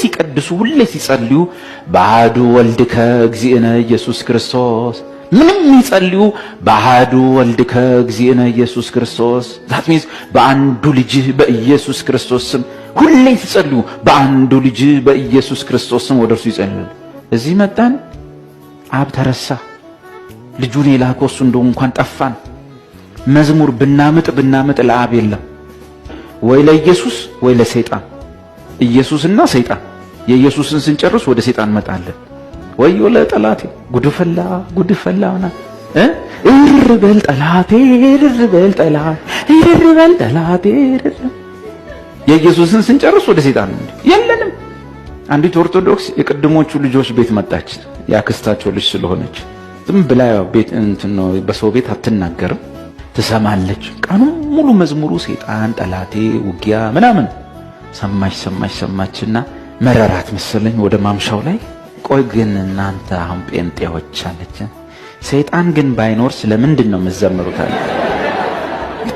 ሲቀድሱ፣ ሁሌ ሲጸልዩ በአሐዱ ወልድከ እግዚእነ ኢየሱስ ክርስቶስ ምንም ይጸልዩ በአሐዱ ወልድከ እግዚእነ ኢየሱስ ክርስቶስ ዛት ሚንስ በአንዱ ልጅህ በኢየሱስ ክርስቶስ ስም ሁሌ ሲጸልዩ በአንዱ ልጅህ በኢየሱስ ክርስቶስ ስም ወደ እርሱ ይጸልዩ። እዚህ መጣን፣ አብ ተረሳ፣ ልጁን የላከው እሱ እንደው እንኳን ጠፋን። መዝሙር ብናምጥ ብናምጥ ለአብ የለም ወይ ለኢየሱስ ወይ ለሰይጣን ኢየሱስና ሰይጣን። የኢየሱስን ስንጨርስ ወደ ሰይጣን እንመጣለን። ወዮ ለጠላቴ ጉድፈላ ጉድፈላ ሆና እርር በል ጠላቴ እርር በል ጠላቴ በል ጠላቴ። የኢየሱስን ስንጨርስ ወደ ሰይጣን የለንም። አንዲት ኦርቶዶክስ የቅድሞቹ ልጆች ቤት መጣች። ያክስታቸው ልጅ ስለሆነች ዝም ብላ ቤት እንትን ነው፣ በሰው ቤት አትናገርም፣ ትሰማለች። ቀኑን ሙሉ መዝሙሩ ሰይጣን፣ ጠላቴ፣ ውጊያ ምናምን ሰማች ሰማች ሰማችና መረራት መሰለኝ። ወደ ማምሻው ላይ ቆይ ግን እናንተ አሁን ጴንጤዎች አለች። ሰይጣን ግን ባይኖር ስለምንድን ነው የምትዘምሩት? አለ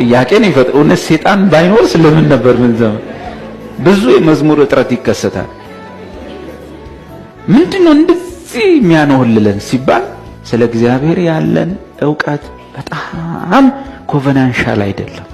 ጥያቄ ነው ይፈጥሩ። እውነት ሰይጣን ባይኖር ስለምን ነበር የምንዘምር? ብዙ የመዝሙር እጥረት ይከሰታል። ምንድነው እንደዚህ የሚያኖርልን ሲባል ስለ እግዚአብሔር ያለን እውቀት በጣም ኮቨናንሻል አይደለም።